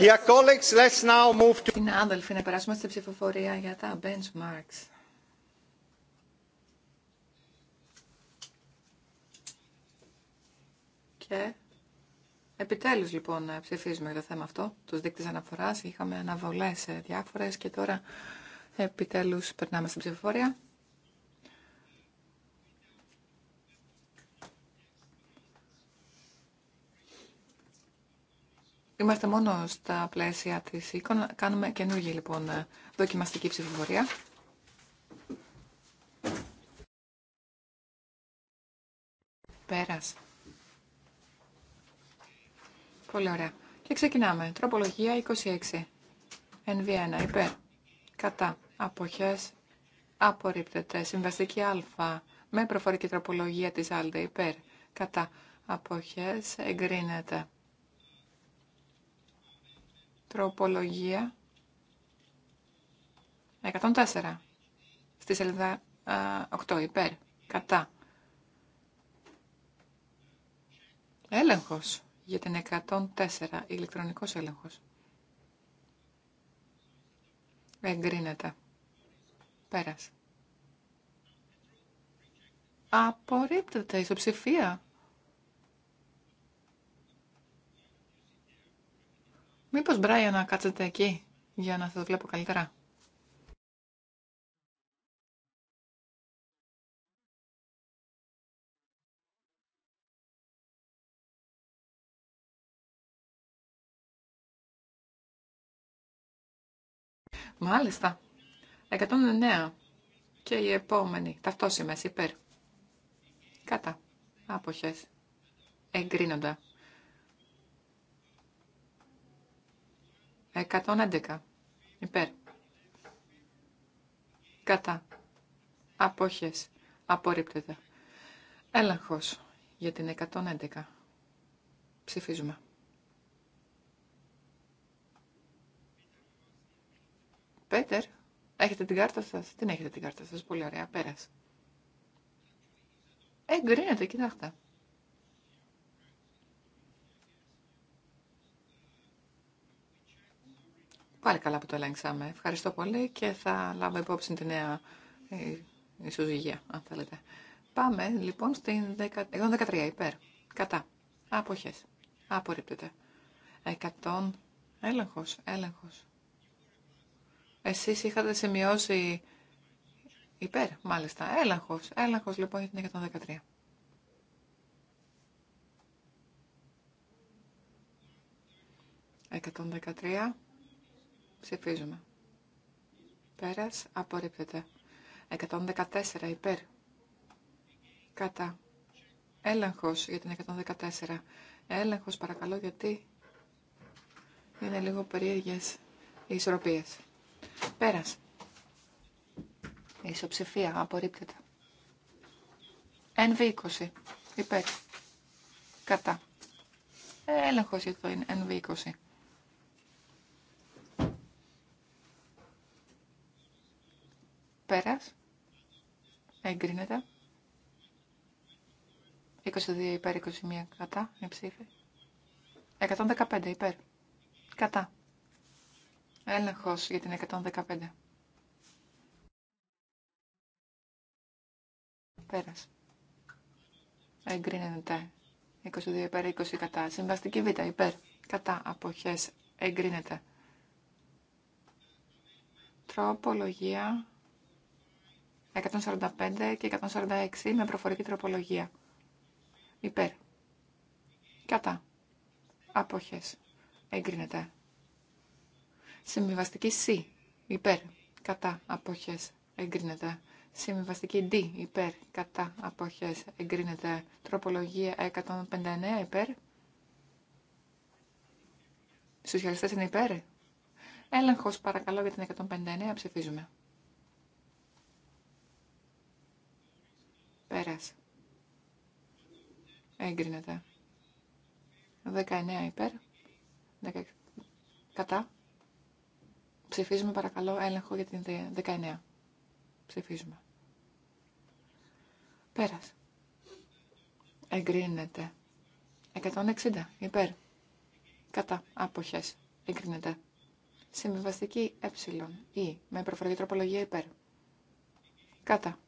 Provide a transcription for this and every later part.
Dear colleagues, let's now move to... Συνάδελφοι, να περάσουμε στην ψηφοφορία για τα benchmarks. Και επιτέλους λοιπόν ψηφίζουμε για το θέμα αυτό, τους δείκτες αναφοράς, είχαμε αναβολές ε, διάφορες και τώρα επιτέλους περνάμε στην ψηφοφορία. Είμαστε μόνο στα πλαίσια της εικόνα. Κάνουμε καινούργια λοιπόν δοκιμαστική ψηφοφορία. Πέρας. Πολύ ωραία. Και ξεκινάμε. Τροπολογία 26. NV1. Υπέρ. Κατά. Αποχές. Απορρίπτεται. Συμβαστική α. Με προφορική τροπολογία της ΑΛΔΕ. Υπέρ. Κατά. Αποχές. Εγκρίνεται. Τροπολογία 104. Στη σελίδα 8. Υπέρ. Κατά. Έλεγχος για την 104. Ηλεκτρονικός έλεγχος. Εγκρίνεται. πέρας. Απορρίπτεται η ισοψηφία. Μήπως Μπράια να κάτσετε εκεί για να σας βλέπω καλύτερα. Μάλιστα. 109. Και η επόμενη. Ταυτόσημες υπέρ. Κατά. Άποχες. Εγκρίνοντα. 111. Υπέρ. Κατά. Απόχες. Απορρίπτεται. Έλεγχος για την 111. Ψηφίζουμε. Πέτερ, έχετε την κάρτα σας. Την έχετε την κάρτα σας. Πολύ ωραία. Πέρασε. Εγκρίνεται, κοιτάξτε. Πάλι καλά που το ελέγξαμε. Ευχαριστώ πολύ και θα λάβω υπόψη τη νέα ε, ισοζυγία, αν θέλετε. Πάμε λοιπόν στην 10, 13 υπέρ. Κατά. Αποχέ. Απορρίπτεται. 100. Έλεγχο, έλεγχο. Εσεί είχατε σημειώσει υπέρ, μάλιστα. έλεγχο, έλεγχο λοιπόν για την 113. Εκατόν δεκατρία. Ψηφίζουμε. Πέρας απορρίπτεται. 114 υπέρ. Κατά. Έλεγχος για την 114. Έλεγχος παρακαλώ γιατί είναι λίγο περίεργες οι ισορροπίες. Πέρας. ισοψηφία απορρίπτεται. NV20 υπέρ. Κατά. Ε, έλεγχος για το NV20. Πέρας. Εγκρίνεται. 22 υπέρ, 21 κατά. Είναι ψήφι. 115 υπέρ. Κατά. Έλεγχος για την 115. Πέρας. Εγκρίνεται. 22 υπέρ, 20 κατά. Συμβαστική β' υπέρ. Κατά. Αποχές. Εγκρίνεται. Τροπολογία 145 και 146 με προφορική τροπολογία. Υπέρ. Κατά. Απόχες. Εγκρίνεται. Συμβιβαστική C. Υπέρ. Κατά. Απόχες. Εγκρίνεται. Συμβιβαστική D. Υπέρ. Κατά. Απόχες. Εγκρίνεται. Τροπολογία 159. Υπέρ. Σοσιαλιστές είναι υπέρ. Έλεγχος παρακαλώ για την 159. Ψηφίζουμε. Πέρας. Έγκρινεται. 19 υπέρ. 16. Κατά. Ψηφίζουμε παρακαλώ έλεγχο για την 19. Ψηφίζουμε. Πέρας. Εγκρίνεται. 160 υπέρ. Κατά. Αποχές. Εγκρίνεται. Συμβιβαστική ε ή με προφορική τροπολογία υπέρ. Κατά.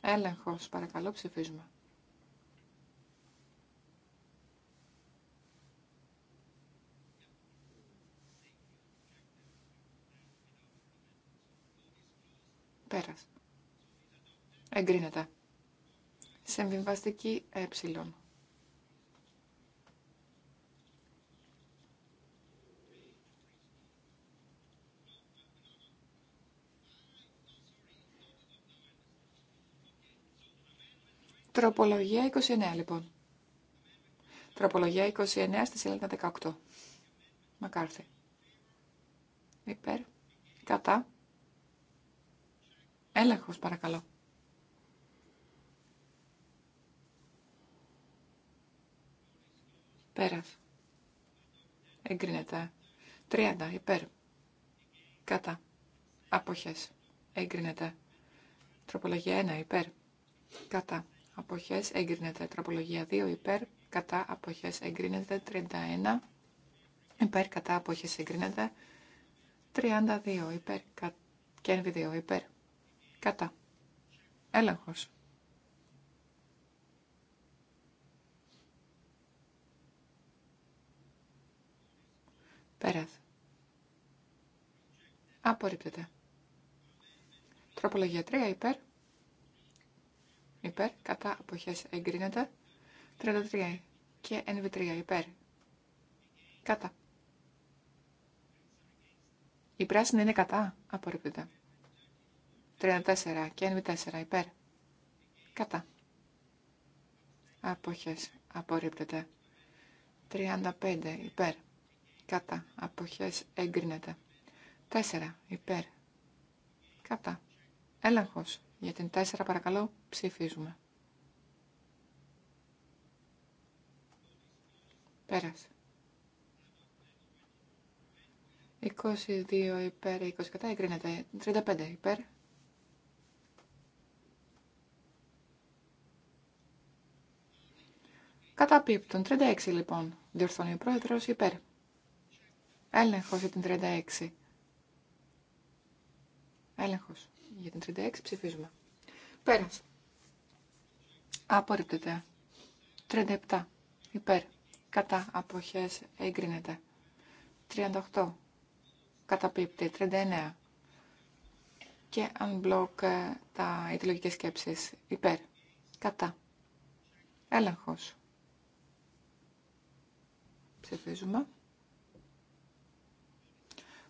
Έλεγχος, παρακαλώ, ψηφίζουμε. Πέρας. Εγκρίνεται. Σεμβιβαστική ε. Τροπολογία 29 λοιπόν. Τροπολογία 29 στη σελίδα 18. Μακάρθη. Υπέρ. Κατά. Έλεγχος παρακαλώ. Πέρας. Εγκρίνεται. 30. Υπέρ. Κατά. Αποχές. Εγκρίνεται. Τροπολογία 1. Υπέρ. Κατά αποχές εγκρίνεται. Τροπολογία 2 υπέρ κατά αποχές εγκρίνεται. 31 υπέρ κατά αποχές εγκρίνεται. 32 υπέρ κα... και 2 υπέρ κατά. Έλεγχος. Πέρας. Απορρίπτεται. Τροπολογία 3 υπέρ υπέρ, κατά αποχές εγκρίνεται. 33 και NV3 υπέρ, κατά. Η πράσινη είναι κατά, απορρίπτεται. 34 και NV4 υπέρ, κατά. Αποχές απορρίπτεται. 35 υπέρ, κατά. Αποχές εγκρίνεται. 4 υπέρ, κατά. Έλεγχος για την 4 παρακαλώ ψηφίζουμε. Πέρασε. 22 υπέρ, 20 κατά, εγκρίνεται. 35 υπέρ. Κατά πίπτων, 36 λοιπόν. Διορθώνει ο πρόεδρος υπέρ. Έλεγχος για την 36. Έλεγχος. Για την 36 ψηφίζουμε. Πέρας. Απορρίπτεται. 37. Υπέρ. Κατά. Αποχές. Εγκρίνεται. 38. Καταπίπτει. 39. Και unblock ε, τα ιδεολογικές σκέψεις. Υπέρ. Κατά. Έλεγχος. Ψηφίζουμε.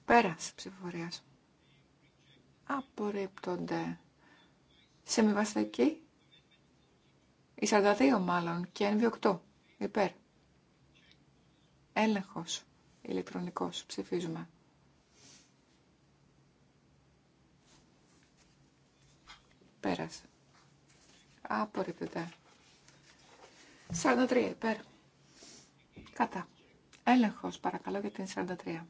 Πέρας ψηφοφορίας απορρίπτονται. Σε μη η 42 μάλλον και NV8, υπέρ. Έλεγχος, ηλεκτρονικός, ψηφίζουμε. Πέρασε. Απορρίπτεται. 43, υπέρ. Κατά. Έλεγχος, παρακαλώ, για την 43.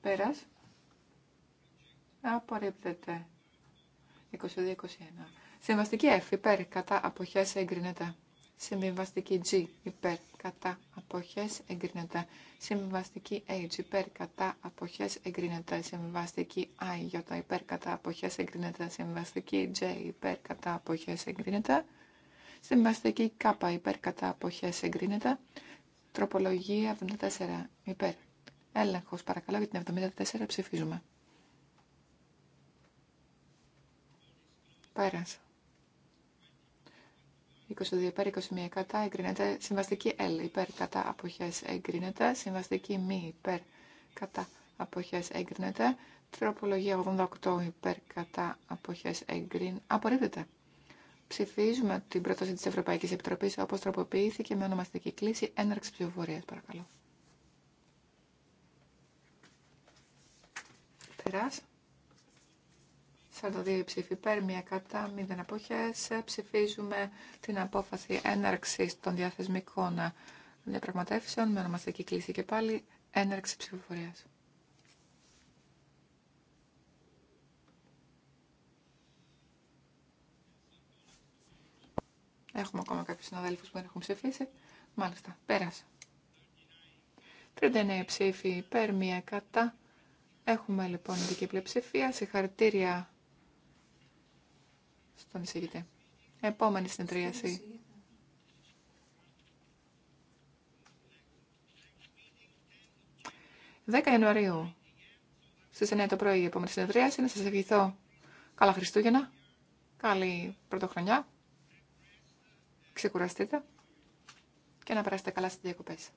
Πέρας. Απορρίπτεται. 22-21. Συμβαστική F υπέρ κατά αποχές εγκρίνεται. Συμβιβαστική G υπέρ κατά αποχές εγκρίνεται. Συμβιβαστική H υπέρ κατά αποχές εγκρίνεται. Συμβαστική I υπέρ κατά αποχές εγκρίνεται. Συμβιβαστική J υπέρ κατά αποχές εγκρίνεται. Συμβαστική K υπέρ κατά αποχές εγκρίνεται. Τροπολογία 74 υπέρ Έλεγχος, παρακαλώ, για την 74 ψηφίζουμε. Πέρασε. 22 υπέρ, 21 κατά, εγκρίνεται. Συμβαστική L υπέρ, κατά, αποχές, εγκρίνεται. Συμβαστική μη υπέρ, κατά, αποχές, εγκρίνεται. Τροπολογία 88 υπέρ, κατά, αποχές, εγκρίνεται. απορρίπτεται. Ψηφίζουμε την πρόταση της Ευρωπαϊκής Επιτροπής όπως τροποποιήθηκε με ονομαστική κλίση έναρξη ψηφοφορίας, παρακαλώ. σειράς. 42 ψήφοι υπέρ, μία κατά, 0 αποχές. Ψηφίζουμε την απόφαση έναρξης των διαθεσμικών διαπραγματεύσεων με ονομαστική κλίση και πάλι έναρξη ψηφοφορίας. Έχουμε ακόμα κάποιου συναδέλφους που δεν έχουν ψηφίσει. Μάλιστα, πέρασε. 39 ψήφοι υπέρ, μία κατά, Έχουμε λοιπόν ειδική πλειοψηφία. Συγχαρητήρια στον εισηγητή. Επόμενη συνεδρίαση. 10 Ιανουαρίου στι 9 το πρωί η επόμενη συνεδρίαση. Να σας ευχηθώ καλά Χριστούγεννα, καλή πρωτοχρονιά. Ξεκουραστείτε και να περάσετε καλά στις διακοπές.